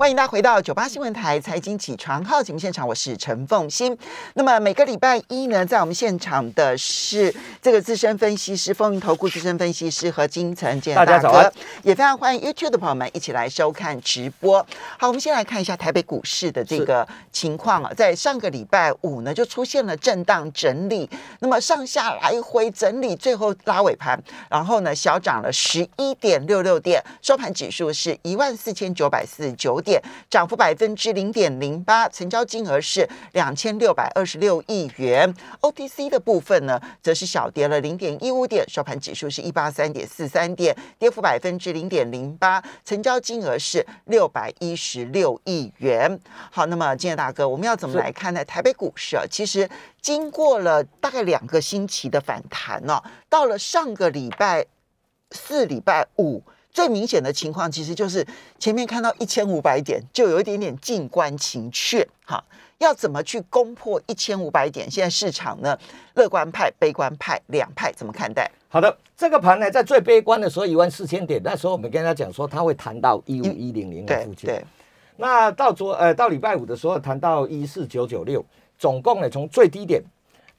歡迎大家回到九八新聞台財經起床號節目現場，我是陳鳳馨。那麼每個禮拜一呢，在我們現場的是這個資深分析師豐銀投顧資深分析師何金城建大哥。大家也非常歡迎 YouTube 的朋友們一起來收看直播。好，我們先來看一下台北股市的這個情況啊，是在上個禮拜五呢，就出現了震盪整理，那麼上下來回整理，最後拉尾盤，然後呢小漲了十一點六六點，收盤指數是一萬四千九百四十九點。漲幅百分之零點零八，成交金額是兩千六百二十六億元。OTC 的部分呢，則是小跌了零點一五點，收盤指數是一八三點四三點，跌幅百分之零點零八，成交金額是六百一十六億元。好，那麼金城大哥，我們要怎麼來看呢？台北股市啊，其實經過了大概兩個星期的反彈呢，到了上個禮拜四、禮拜五。最明顯的情況其實就是前面看到一千五百點，就有一點點近關情怯。哈，要怎麼去攻破一千五百點？現在市場呢，樂觀派、悲觀派兩派怎麼看待？好的，這個盤呢，在最悲觀的時候一萬四千點，那時候我們跟他講說，他會彈到一五一零零的附近、嗯欸。對，那到昨呃到禮拜五的時候彈到一四九九六，總共呢從最低點。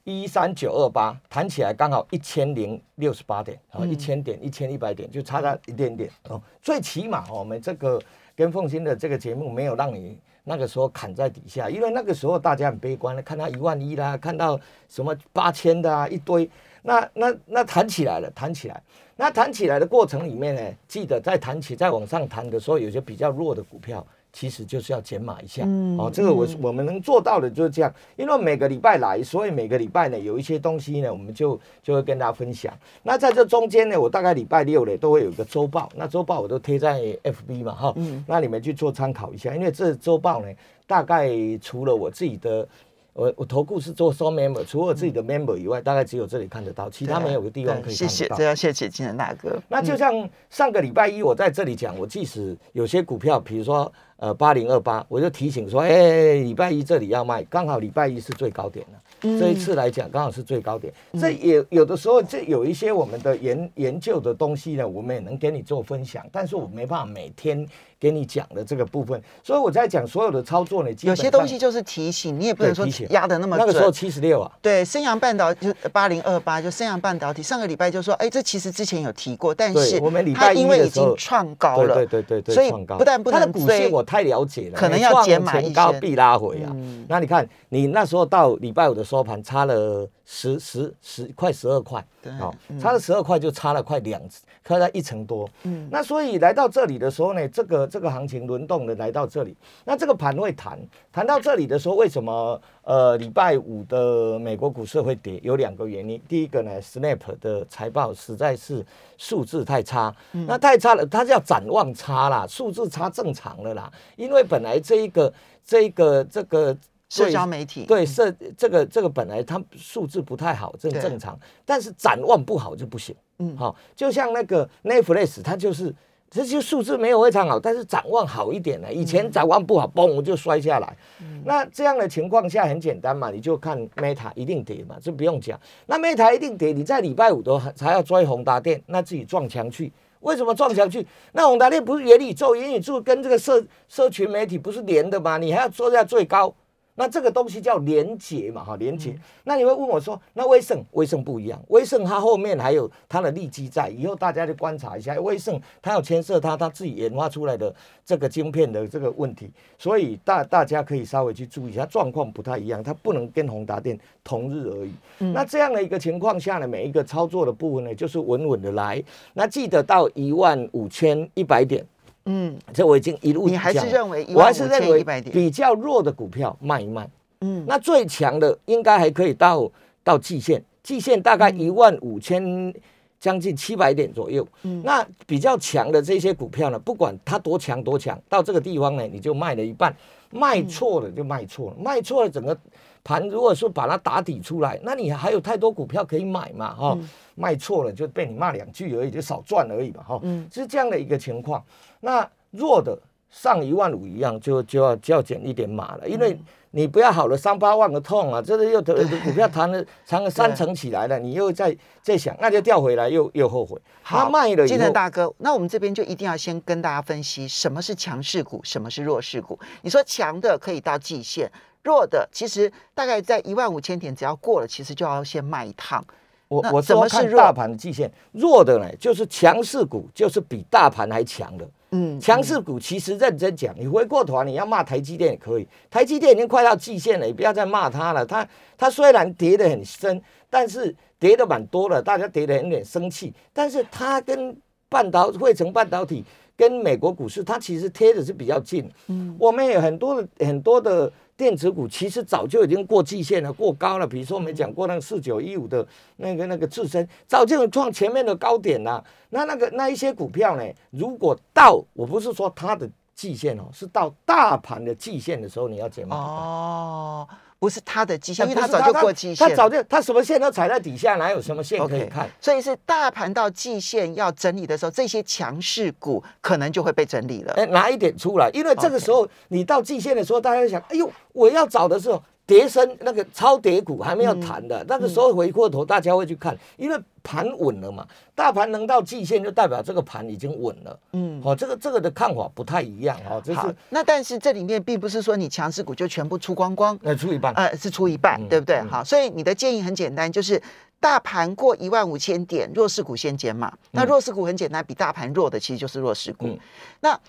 一三九二八彈起來，剛好一千零六十八點，然後一千點、一千一百點，就差了一點點。哦，最起碼我們這個跟鳳馨的這個節目沒有讓你那個時候砍在底下，因為那個時候大家很悲觀的，看到一萬一啦，看到什麼八千的啊一堆，那那那彈起來了，彈起來，那彈起來的過程裡面呢，記得在彈起、在往上彈的時候，有些比較弱的股票。其實就是要減碼一下、嗯、哦，這個我我們能做到的就是這樣，因為每個禮拜來，所以每個禮拜呢有一些東西呢，我們就就會跟大家分享。那在這中間呢，我大概禮拜六呢都會有一個週報，那週報我都貼在 FB 嘛，哈，嗯、那你們去做參考一下。因為這週報呢，大概除了我自己的，我我投顧是做 so member，除了自己的 member 以外，嗯、大概只有這裡看得到，其他沒有個地方可以看得到。謝謝，謝謝金城大哥。那就像上個禮拜一，我在這裡講，我即使有些股票，比如說。呃，八零二八，我就提醒說，哎、欸，禮拜一這裡要賣，剛好禮拜一是最高點的、嗯、這一次來講，剛好是最高點。嗯、這也有的時候，這有一些我們的研研究的東西呢，我們也能給你做分享，但是我沒辦法每天給你講的這個部分。所以我在講所有的操作呢，有些東西就是提醒你，也不能說壓得那麽準。那個時候七十六啊。對，升陽半導就八零二八，就升陽半導體。上個禮拜就說，哎、欸，這其實之前有提過，但是它因為已經創高了，對對對，對，對，對，所以不但不能，它的股息太了解了，可能要買一、欸、錢高必拉回啊、嗯、那你看，你那時候到禮拜五的收盤差了。十十十塊，十二塊，好、嗯哦，差了十二塊就差了快兩，差了一成多。嗯，那所以來到這裡的時候呢，這個這個行情輪動的來到這裡，那這個盤會彈。彈到這裡的時候，為什麼呃禮拜五的美國股市會跌？有兩個原因。第一個呢，Snap 的財報實在是數字太差，嗯、那太差了，它叫展望差啦，數字差正常了啦，因為本來這一個這一個這個。社交媒體對，對社這個這個本來它數字不太好，這個、正常。對但是展望不好就不行。嗯，好、哦，就像那個 Netflix，它就是這些數字沒有非常好，但是展望好一點呢。以前展望不好，嘣、我、就摔下來。嗯、那這樣的情況下很簡單嘛，你就看 Meta 一定跌嘛，就不用講。那 Meta 一定跌，你在禮拜五都還，還要追宏達電，那自己撞牆去。為什麼撞牆去？那宏達電不是元宇宙？元宇宙跟這個社社群媒體不是連的嗎？你還要做在最高？那這個東西叫連結嘛，哈連結。嗯、那你會問我說，那威盛威盛不一樣，威盛它後面還有它的利基在，以後大家就觀察一下，威盛它有牽涉它它自己研發出來的這個晶片的這個問題，所以大大家可以稍微去注意一下，狀況不太一樣，它不能跟宏達電同日而語。嗯、那這樣的一個情況下呢，每一個操作的部分呢，就是穩穩的來。那記得到一萬五千一百點。嗯，這我已經一路講。你還是認為，我還是認為比較弱的股票賣一賣。嗯，那最強的應該還可以到到季線，季線大概一萬五千將近七百點左右。嗯，那比較強的這些股票呢，不管它多強多強，到這個地方呢，你就賣了一半，賣錯了就賣錯了，嗯，賣錯了整個。盤如果說把它打底出來，那你還有太多股票可以買嘛。哈、哦，嗯、賣錯了就被你罵兩句而已，就少賺而已嘛。哈、哦，嗯、是這樣的一個情況。那弱的上一萬五一樣就，就就要就要減一點碼了，嗯、因為你不要好了傷疤忘了痛啊，這個又得對股票彈了彈了三成起來了，對你又再再想，那就調回來又又後悔。他賣了。金城大哥，那我們這邊就一定要先跟大家分析什麼是強勢股，什麼是弱勢股。你說強的可以到季線。弱的其實大概在一萬五千點，只要過了，其實就要先賣一趟。那怎麼是弱？我，我說看大盤的季線。弱的呢，就是強勢股，就是比大盤還強的。嗯，嗯強勢股其實認真講，你回過頭啊，你要罵台積電也可以。台積電已經快到季線了，你不要再罵它了。它它雖然跌的很深，但是跌的蠻多了，大家跌的有點生氣。但是它跟半導體、費城半導體跟美國股市，它其實貼的是比較近。嗯，我們有很多的很多的。電子股其實早就已經過季線了，過高了。比如說我們講過那個四九一五的那個那個致伸早就有創前面的高點了，啊。那那個那一些股票呢，如果到，我不是說它的。季線哦，是到大盤的季線的時候，你要減碼。哦，不是它的季線，因為它早就過季線。它、啊、早就它什麼線都踩在底下，哪有什麼線可以看？Okay, 所以是大盤到季線要整理的時候，這些強勢股可能就會被整理了。哎、欸，拿一點出來，因為這個時候 Okay 你到季線的時候，大家就想，哎呦，我要找的時候。跌深那個超跌股還沒有彈的，那個時候回過頭，大家會去看，因為盤穩了嘛，大盤能到季線就代表這個盤已經穩了。嗯，好、哦，這個這個的看法不太一樣啊。哦就是、好，那但是這裡面並不是說你強勢股就全部出光光，呃，出一半，呃，是出一半，嗯、對不對？嗯嗯、好，所以你的建議很簡單，就是大盤過一萬五千點，弱勢股先減嘛。那弱勢股很簡單，比大盤弱的其實就是弱勢股。嗯嗯、那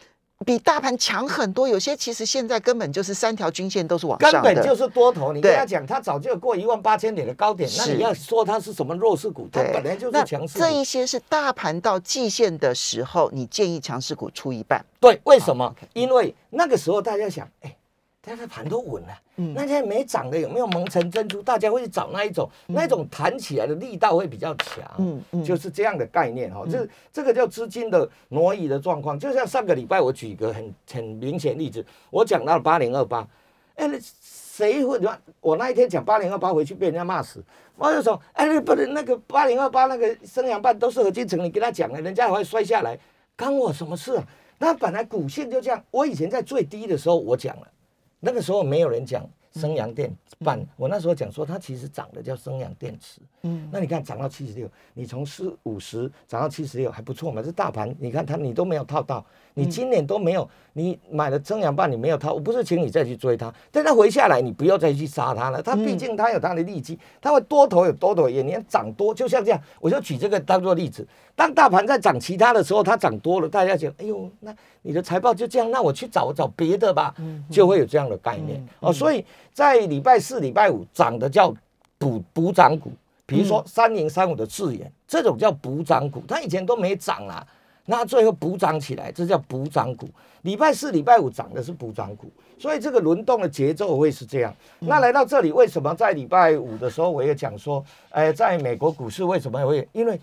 比大盤強很多，有些其實現在根本就是三條均線都是往上的，根本就是多頭。你跟他講，對他早就有過一萬八千點的高點，是那你要說它是什麼弱勢股，它對本來就是強勢股。這一些是大盤到季線的時候，你建議強勢股出一半。對，為什麼？Okay, 因為那個時候大家想，哎、欸。它的盤都穩了，啊,那天沒漲的有沒有蒙塵珍珠？嗯、大家會去找那一種，嗯、那一種彈起來的力道會比較強。嗯嗯、就是這樣的概念哈、哦，嗯、就這個叫資金的挪移的狀況。嗯、就像上個禮拜我舉一個很很明顯例子，我講到八零二八，哎，誰會？我那一天講八零二八，回去被人家罵死。我就說，哎、欸，不是那個八零二八那個昇陽半都是何金城，你跟他講了，人家還會摔下來，關我什麼事啊？那本來股性就這樣。我以前在最低的時候我講了。那個時候沒有人講升陽電板，嗯、我那時候講說它其實漲的叫升陽電池。嗯，那你看漲到七十六，你從四五十漲到七十六，還不錯嘛。這大盤你看它，你都沒有套到。你今年都沒有，你買了增氧霸，你沒有它，我不是請你再去追它，但它回下來，你不要再去殺它了。它畢竟它有它的利基，它會多頭有多頭也，也年漲多，就像這樣，我就舉這個當做例子。當大盤在漲其他的時候，它漲多了，大家覺得哎呦，那你的財報就這樣，那我去找我找別的吧，就會有這樣的概念哦。所以在禮拜四、禮拜五漲的叫補補漲股，比如說三零三五的智原，嗯、這種叫補漲股，它以前都沒漲啊。那最後補漲起來，這叫補漲股。禮拜四、禮拜五漲的是補漲股，所以這個輪動的節奏會是這樣。那來到這裡，為什麼在禮拜五的時候，我也講說，哎、嗯呃，在美國股市為什麼會？因為，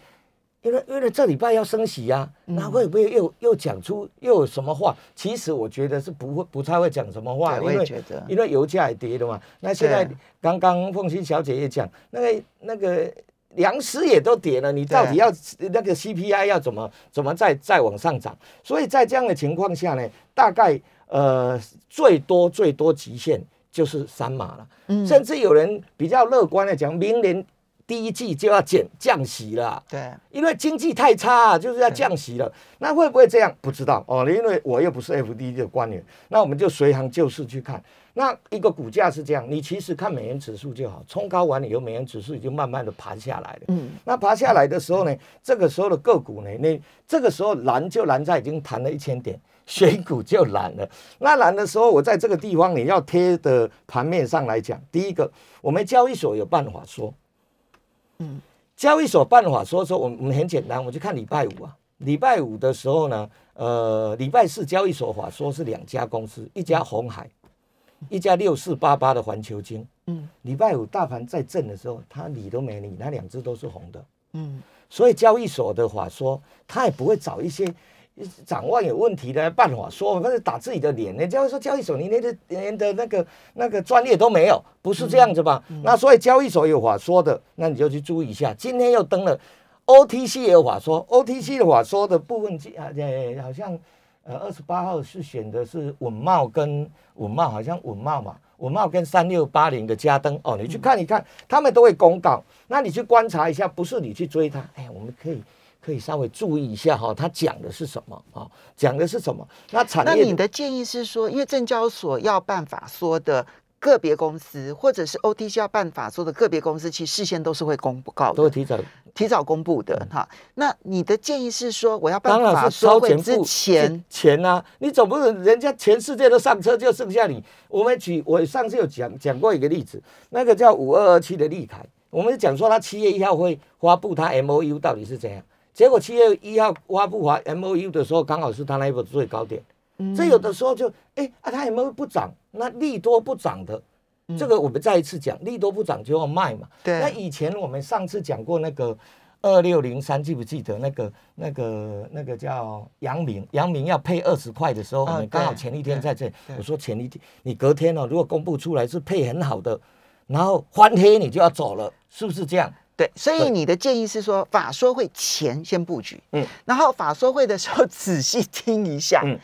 因為，因為這禮拜要升息啊那、嗯、會不會又又講出又有什麼話？其實我覺得是不會不太會講什麼話，對因為我也覺得因為油價也跌了嘛。那現在剛剛鳳馨小姐也講，那個那個。糧食也都跌了，你到底要那個 CPI 要怎麼怎麼再再往上漲？所以在這樣的情況下呢，大概呃最多最多極限就是三碼了，甚至有人比較樂觀的講明年。第一季就要減降息了。啊，對，因為經濟太差，啊，就是要降息了。對那會不會這樣？不知道哦，因為我又不是 Fed 的官員。那我們就隨行就市去看。那一個股價是這樣，你其實看美元指數就好。衝高完以後，美元指數已經慢慢的爬下來了。嗯，那爬下來的時候呢，嗯、這個時候的個股呢，那這個時候難就難在已經彈了一千點，選股就難了。那難的時候，我在這個地方你要貼的盤面上來講，第一個，我們交易所有辦法說。嗯，交易所辦法說說，我我們很簡單，我們就看禮拜五啊。禮拜五的時候呢，呃，禮拜四交易所法說是兩家公司，一家紅海，一家六四八八的環球晶。嗯，禮拜五大盤在震的時候，他理都沒理，那兩隻都是紅的。嗯，所以交易所的話說，他也不會找一些。掌握有問題的辦法說，不是打自己的臉。人家會說交易所，你連的連的那個那個專業都沒有，不是這樣子吧？嗯嗯、那所以交易所有法說的，那你就去注意一下。今天又登了，OTC 也有法說，OTC 的法說的部分，哎、好像呃二十八號是選的是穩懋跟穩懋，好像穩懋嘛，穩懋跟三六八零的家登哦，你去看一看，他們都會公告，那你去觀察一下，不是你去追他，哎，我們可以。可以稍微注意一下哈、哦，他講的是什麼啊、哦？講的是什麼？那產，那你的建議是說，因為證交所要辦法說的個別公司，或者是 OTC 要辦法說的個別公司，其實事先都是會公告的，都會提早提早公布的哈、嗯啊。那你的建議是說，我要辦法說會之前付錢錢啊？你總不能人家全世界都上車，就剩下你。我們舉我上次有講講過一個例子，那個叫五二二七的立凱，我們講說他七月一號會發布他 MOU 到底是怎樣。結果七月一號發布完 MOU 的時候，剛好是他那一波最高點。嗯、這有的時候就哎啊，他也沒有不漲，那利多不漲的，嗯、這個我們再一次講，利多不漲就要賣嘛。嗯、那以前我們上次講過那個二六零三，記不記得那個那個那個叫陽明？陽明要配二十塊的時候，啊、我們剛好前一天在這。啊、我說前一天你隔天了、哦，如果公布出來是配很好的，然後翻黑，你就要走了，是不是這樣？對，所以你的建議是說，法說會前先布局，嗯，然後法說會的時候仔細聽一下，嗯，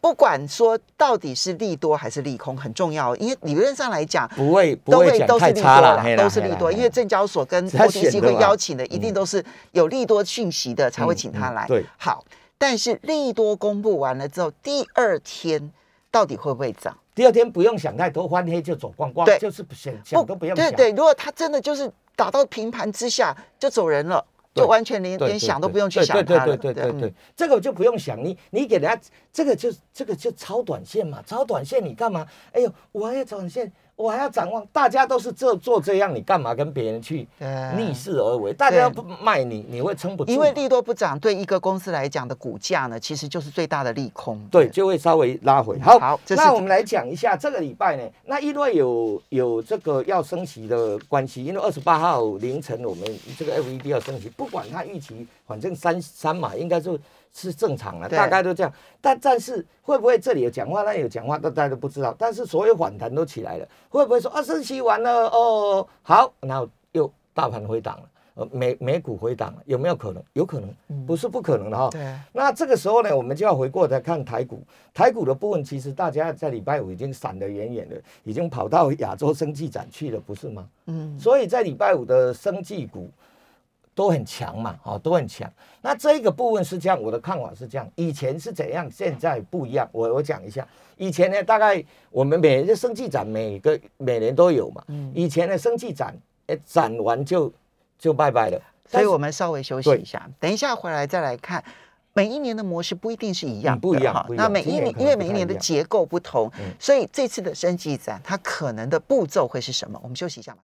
不管說到底是利多還是利空，很重要，因為理論上來講，不會不會都是利多都是利多，因為證交所跟國信機會邀請的一定都是有利多訊息的才會請他來，對，好，但是利多公布完了之後，第二天到底會不會漲？第二天不用想太多，翻黑就走光光，就是不想想都不用想對對，如果他真的就是。打到平盤之下就走人了，對 就完全連連想都不用去想它了。對對對對，這個我就不用想你，你給人家這個就這個就超短線嘛，超短線你幹嘛？哎呦，我還要超短線。我還要展望，大家都是這做這樣，你幹嘛跟別人去逆勢而為？對大家不賣你，你會撐不住。因為利多不漲，對一個公司來講的股價呢，其實就是最大的利空。對，對就會稍微拉回。好，好是那我們來講一下這個禮拜呢。那因為有有這個要升息的關係，因為二十八號凌晨我們這個 FED 要升息，不管它預期，反正三、三碼，應該是。是正常的，對大概都這樣。但但是會不會這裡有講話，那有講話，大家都不知道。但是所有反彈都起來了，會不會說啊？升息完了？哦，好，然後又大盤回檔了，呃，美美股回檔了，有沒有可能？有可能，嗯、不是不可能的哈、哦。對。那這個時候呢，我們就要回過頭來看台股。台股的部分，其實大家在禮拜五已經閃得遠遠的，已經跑到亞洲生技展去了，不是嗎？嗯。所以在禮拜五的生技股。都很強嘛，哦，都很強。那這個部分是這樣，我的看法是這樣。以前是怎樣？現在不一樣。我我講一下。以前呢，大概我們每年生計展生技展，每個每年都有嘛。嗯。以前的生技展，哎，展完就就拜拜了。所以我們稍微休息一下，對等一下回來再來看。每一年的模式不一定是一樣的，嗯，不一樣，不一樣，哦。那每一年，年一因為每一年的結構不同，嗯，所以這次的生技展，它可能的步驟會是什麼？我們休息一下吧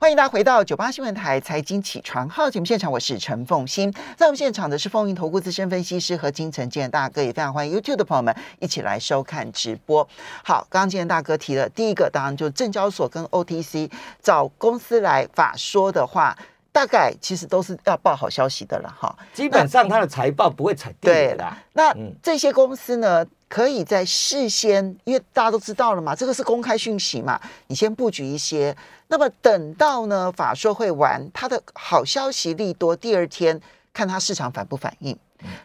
歡迎大家回到九八新聞台財經起床號節目現場，我是陳鳳馨，在我們現場的是豐銀投顧資深分析師何金城，健大哥。也非常歡迎 YouTube 的朋友們一起來收看直播。好，剛剛健大哥提了第一個，當然就是證交所跟 OTC 找公司來法說的話。大概其實都是要報好消息的了哈，基本上它的財報不會踩地雷的。那這些公司呢，可以在事先，因為大家都知道了嘛，這個是公開訊息嘛，你先布局一些。那麼等到呢，法說會完，他的好消息利多，第二天看他市場反不反應。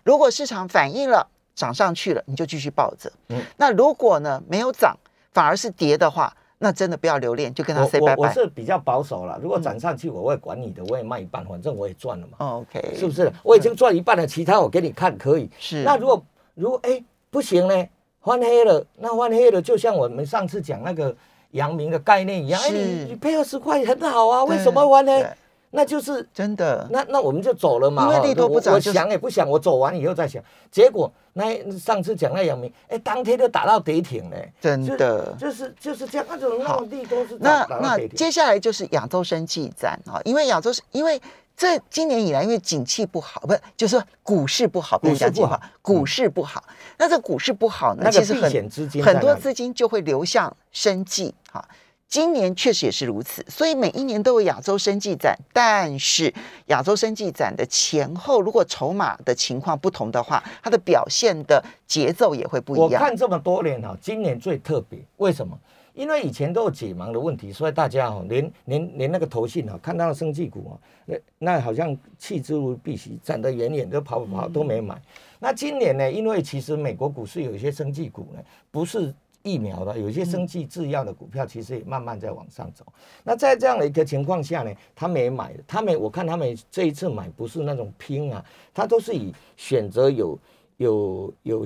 如果市場反應了，漲上去了，你就繼續抱着。嗯，那如果呢沒有漲，反而是跌的話。那真的不要留戀，就跟他 say 拜拜。我我是比較保守了，如果漲上去，我會管你的，嗯、我也賣一半，反正我也賺了嘛。OK，是不是？我已經賺一半了，對其他我給你看可以。是。那如果如果哎、欸、不行呢？翻黑了，那翻黑了就像我們上次講那個陽明的概念一樣。哎，你配二十塊很好啊，是為什麼翻呢？那就是真的，那那我們就走了嘛。因為利多不走，我想也不想，我走完以後再想。結果那上次講那陽明，哎、欸，當天就打到跌停嘞，真的。就，就是就是這樣，那種高地都是那那，那，那接下來就是亞洲生技戰啊，因為亞洲是因為這今年以來因為景氣不好，不是就是股市不好，對不對？不好，股市不好。那這股市不好那，那其實很很多資金就會流向生技。哈、啊。今年確實也是如此，所以每一年都有亞洲生技展，但是亞洲生技展的前後，如果籌碼的情況不同的話，它的表現的節奏也會不一樣。我看這麼多年哈、啊，今年最特別，為什麼？因為以前都有解盲的問題，所以大家哈、哦、連連連,連那個投信啊，看到生技股啊，那那好像棄之如敝屣，站得遠遠的跑不跑都沒買。嗯、那今年呢？因為其實美國股市有一些生技股呢，不是。疫苗的有些生技製藥的股票，嗯、其實也慢慢在往上走。那在這樣的一個情況下呢，他沒買，他們我看他們這一次買不是那種拼啊，他都是以選擇有有有有，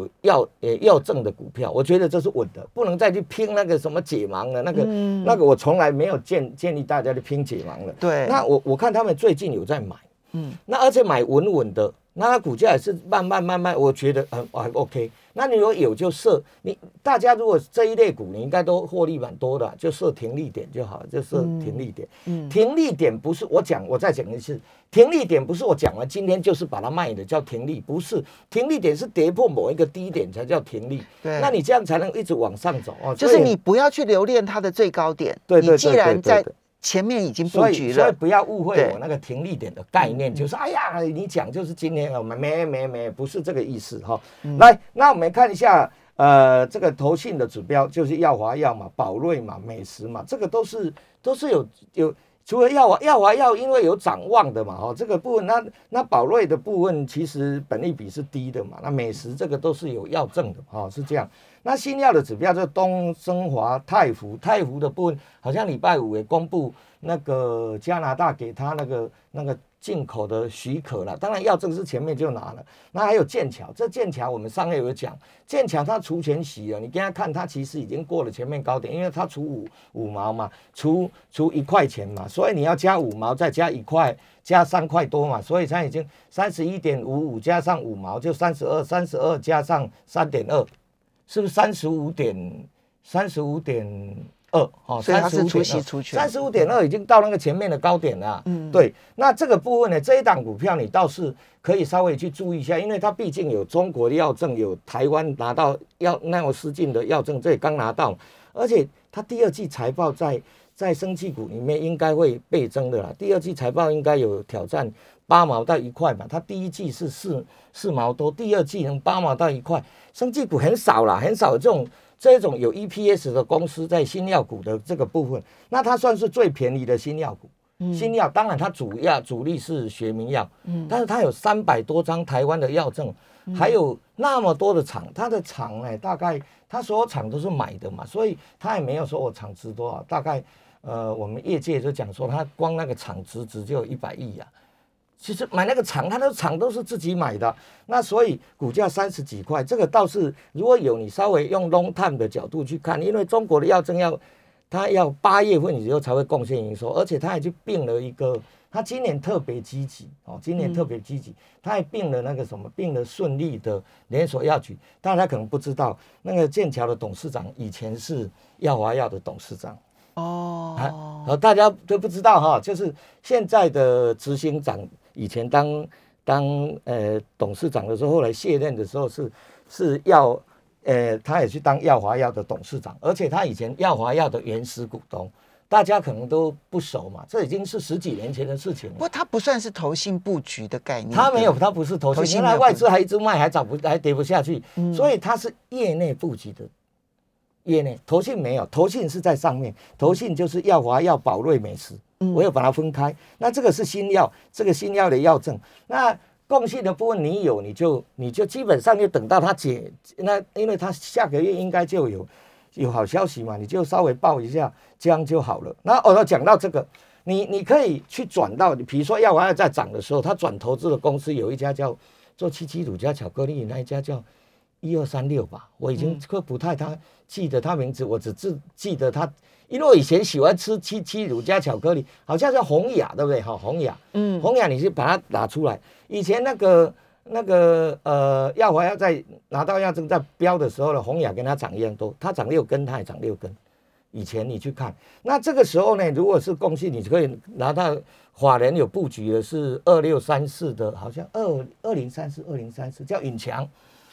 有要呃要證的股票，我覺得這是穩的，不能再去拼那個什麼解盲的那個、嗯、那個我從來沒有建建議大家去拼解盲了。對，那我我看他們最近有在買，嗯，那而且買穩穩的，那他股價也是慢慢慢慢，我覺得很很、嗯啊、OK。那你如果有就設你大家如果這一類股你應該都獲利蠻多的，啊，就設停利點就好，就設停利點。嗯，停利點不是我講，我再講一次，停利點不是我講了，今天就是把它賣的叫停利，不是停利點是跌破某一個低點才叫停利。那你這樣才能一直往上走哦。就是你不要去留戀它的最高點。對對對對對，對。前面已經布局了所，所以不要誤會我那個停利點的概念，嗯、就是哎呀，你講就是今天我們沒沒沒，不是這個意思哈、哦。嗯、來，那我們看一下，呃，這個投信的指標就是藥華藥嘛、保瑞嘛、美時嘛，這個都是都是有有。除了藥華藥華藥，要要因為有展望的嘛，哈、哦，這個部分，那那保瑞的部分，其實本益比是低的嘛，那美時這個都是有藥證的，哈、哦，是這樣。那新藥的指標就是東生華、泰福、泰福的部分，好像禮拜五也公布那個加拿大給他那個那個。進口的許可了，當然要這個是前面就拿了。那還有劍橋，這劍橋我們上個月有講，劍橋它除權息了，你跟它看，它其實已經過了前面高點，因為它除五五毛嘛，除除一塊錢嘛，所以你要加五毛，再加一塊，加三塊多嘛，所以它已經三十一點五五加上五毛就三十二，三十二加上三點二，是不是三十五點三十五點？二哦，三十出三十五點二已經到那個前面的高點了。嗯，對，那這個部分呢，這一檔股票你倒是可以稍微去注意一下，因為它畢竟有中國的藥證，有台灣拿到要奈沃斯進的藥證，這也剛拿到，而且它第二季財報在在生技股裡面應該會倍增的啦。第二季財報應該有挑戰八毛到一塊嘛，它第一季是四四毛多，第二季能八毛到一塊，生技股很少啦，很少這種。這種有 EPS 的公司在新藥股的這個部分，那它算是最便宜的新藥股。嗯、新藥當然它主要主力是學名藥，嗯，但是它有三百多張台灣的藥證，嗯、還有那麼多的廠，它的廠呢，大概它所有廠都是買的嘛，所以它也沒有說我廠值多少，大概呃我們業界就講說它光那個廠值值就有一百億呀、啊。其實買那個廠，他的廠都是自己買的，那所以股價三十幾塊，這個倒是如果有你稍微用 long time 的角度去看，因為中國的藥證要他要八月份以後才會貢獻營收，而且他還就併了一個，他今年特別積極哦，今年特別積極，他還併了那個什麼，併了順利的連鎖藥局，大家可能不知道，那個劍橋的董事長以前是藥華藥的董事長，哦，哦、啊，大家都不知道哈、啊，就是現在的執行長。以前當當呃董事長的時候，後來卸任的時候是是藥，呃，他也去當藥華藥的董事長，而且他以前藥華藥的原始股東，大家可能都不熟嘛，這已經是十幾年前的事情了。不，他不算是投信布局的概念的。他沒有，他不是投信。投信布局原來外資還一直賣，還漲，不，還跌不下去，嗯、所以他是業內布局的，業內投信沒有，投信是在上面，投信就是藥華藥、保瑞美時。我要把它分開，那這個是新藥，這個新藥的藥證，那共性的部分你有，你就你就基本上就等到它解，那因為它下個月應該就有有好消息嘛，你就稍微報一下，這樣就好了。那我要講到這個，你你可以去轉到，你比如說藥丸還在漲的時候，他轉投資的公司有一家叫做七七乳加巧克力，那一家叫一二三六吧，我已經不太他記得他名字，我只記記得他因為我以前喜歡吃七七乳加巧克力，好像是宏亞對不對？哈、哦，宏亞，嗯，宏亞，你去把它拿出來。以前那個那個呃，藥華藥在拿到藥證在飆的時候呢，宏亞跟它漲一樣多，它漲六根，它也漲六根。以前你去看，那這個時候呢，如果是共性，你就可以拿到法人有布局的是二六三四的，好像二二零三四、二零三四叫允強，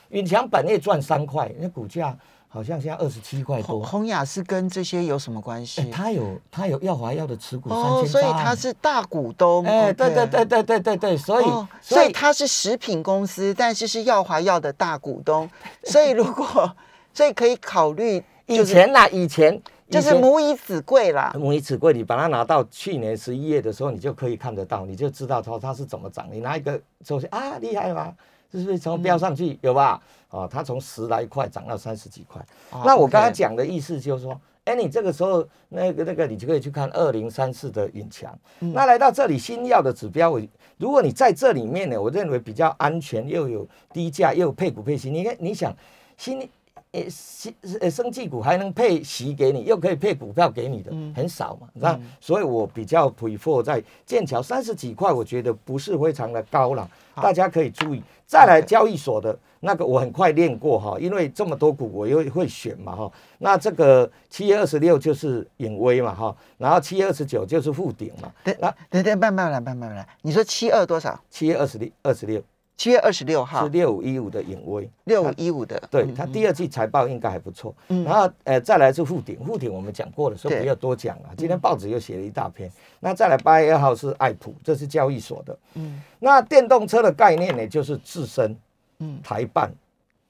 允強本月賺三塊，那股價。好像現在二十七塊多、啊。宏亞是跟這些有什麼關係？它、欸、有，它有藥華藥的持股三千、哦、所以它是大股東。哎、欸，對對 okay 對對對對對，所以、哦、所以它是食品公司，但是是藥華藥的大股東，所以如果所以可以考慮。 就是、以前啦，以前就是母以子貴了。母以子貴，你把它拿到去年十一月的時候，你就可以看得到，你就知道它它是怎麼漲。你拿一個首先啊，厲害嗎？是不是從飆上去，嗯，有吧？哦，它從十來塊漲到三十幾塊。啊，那我剛才講的意思就是說，哎、啊 okay 欸，你這個時候那個那個，你就可以去看二零三四的允強。嗯，那來到這裡，新藥的指標，我如果你在這裡面呢，我認為比較安全又有低價又有配股配息，你看你想新。誒，生呃，生技股還能配息給你，又可以配股票給你的，嗯、很少嘛，那、嗯、所以，我比較 prefer 在劍橋三十幾塊，我覺得不是非常的高了。好大家可以注意，好再來交易所的 okay 那個，我很快練過哈，因為這麼多股我又會選嘛哈。那這個七月二十六就是隱威嘛哈，然後七月二十九就是復頂嘛等。等，那等等，慢慢來，慢慢來。你說七月二多少？七月二十六，二十六。七月二十六號是六五一五的穎崴，六五一五的，他對他第二季財報應該還不錯。嗯、然後，呃，再來是富鼎，富鼎我們講過了，所以不要多講了。對今天報紙又寫了一大篇。嗯、那再來八月二號是愛普，這是交易所的。嗯，那電動車的概念呢，就是智伸，嗯，台半，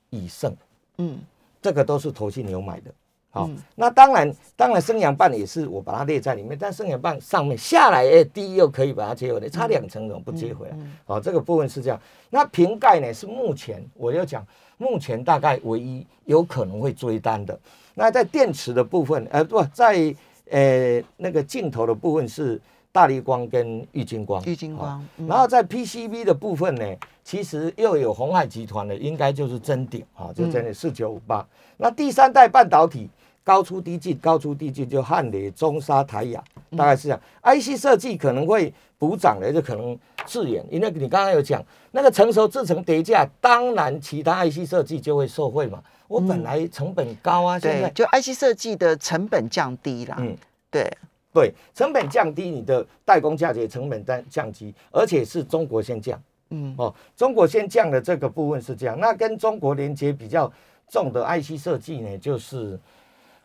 以勝。嗯，這個都是投信有買的。好，嗯、那當然，當然生氧棒也是我把它列在裡面，但生氧棒上面下來第一又可以把它接回來，差兩層怎麼不接回來？好、嗯嗯啊，這個部分是這樣。那瓶蓋呢是目前我要講，目前大概唯一有可能會追單的。那在電池的部分，呃，不在呃那個鏡頭的部分是大力光跟玉晶光，玉晶光。啊嗯、然後在 p c v 的部分呢，其實又有紅海集團的，應該就是真頂啊，就真的四九五八。8, 嗯、那第三代半導體。高出低進，高出低進就漢磊、中砂、台亞，大概是這樣。嗯、IC 設計可能會補漲的，就可能智原，因為你剛剛有講那個成熟製程跌價當然其他 IC 設計就會受惠嘛。我本來成本高啊，嗯、現在就 IC 設計的成本降低啦。嗯，對對，對成本降低，你的代工價錢成本在降低，而且是中國先降。嗯哦，中國先降的這個部分是這樣。那跟中國連接比較重的 IC 設計呢，就是。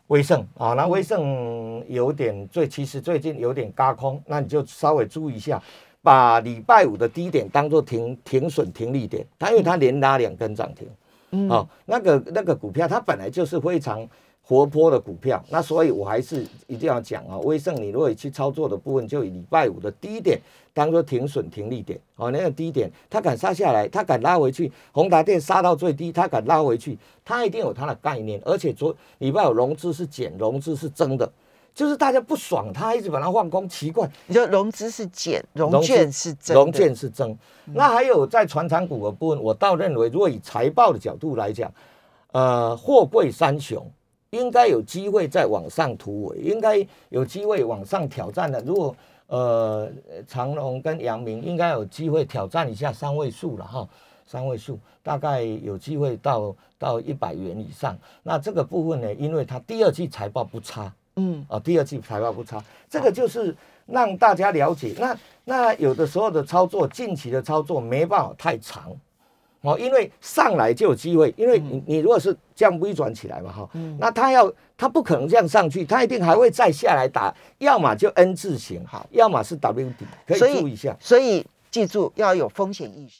威盛啊，那威盛有點最，其實最近有點軋空，那你就稍微注意一下，把禮拜五的低點當做停停損停利點，它因為它連拉兩根漲停，好、嗯哦，那個那個股票它本來就是非常活潑的股票，那所以我還是一定要講啊。威盛，你如果去操作的部分，就以禮拜五的低點當做停損停利點啊、哦。那個低點，他敢殺下來，他敢拉回去。宏達電殺到最低，他敢拉回去，他一定有他的概念。而且昨禮拜五融資是減，融資是增的，就是大家不爽，他一直把它放空。奇怪，你說融資是減，融券是融券是增。那還有在傳產股的部分，我倒認為，如果以財報的角度來講，呃，貨櫃三雄。應該有機會再往上突圍，應該有機會往上挑戰的。如果呃長榮跟陽明應該有機會挑戰一下三位數了哈，三位數大概有機會到到一百元以上。那這個部分呢，因為它第二季財報不差，嗯，啊，第二季財報不差，這個就是讓大家了解。那那有的時候的操作，近期的操作沒辦法太長。哦，因為上來就有機會，因為你你如果是這樣 V 轉起來嘛，哈、嗯，那他要他不可能這樣上去，他一定還會再下來打，要麼就 N 字形，哈，要麼是 W 底，可以注意一下所，所以記住要有風險意識。